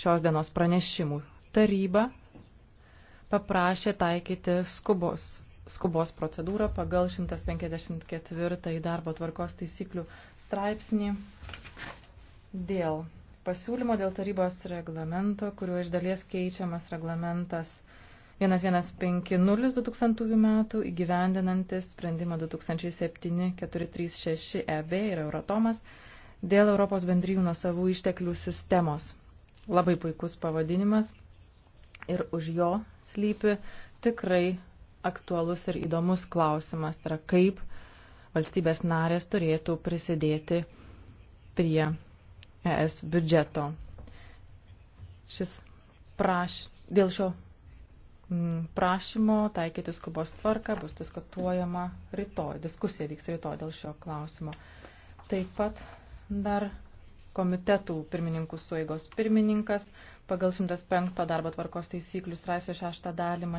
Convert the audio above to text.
šios dienos pranešimų. Taryba paprašė taikyti skubos, skubos procedūrą pagal 154 darbo tvarkos taisyklių straipsnį dėl pasiūlymo dėl tarybos reglamento, kuriuo iš dalies keičiamas reglamentas 1150-2000 metų įgyvendinantis sprendimą 2007-436 EB ir Euratomas dėl Europos bendrijų nuo savų išteklių sistemos. Labai puikus pavadinimas ir už jo slypi tikrai aktualus ir įdomus klausimas, tai yra kaip valstybės narės turėtų prisidėti prie ES biudžeto. Šis praš... Dėl šio mm, prašymo taikyti skubos tvarką bus diskutuojama rytoj, diskusija vyks rytoj dėl šio klausimo. Taip pat dar komitetų pirmininkų sueigos pirmininkas pagal 105 darbo tvarkos taisyklių straipsnio 6 dalį mane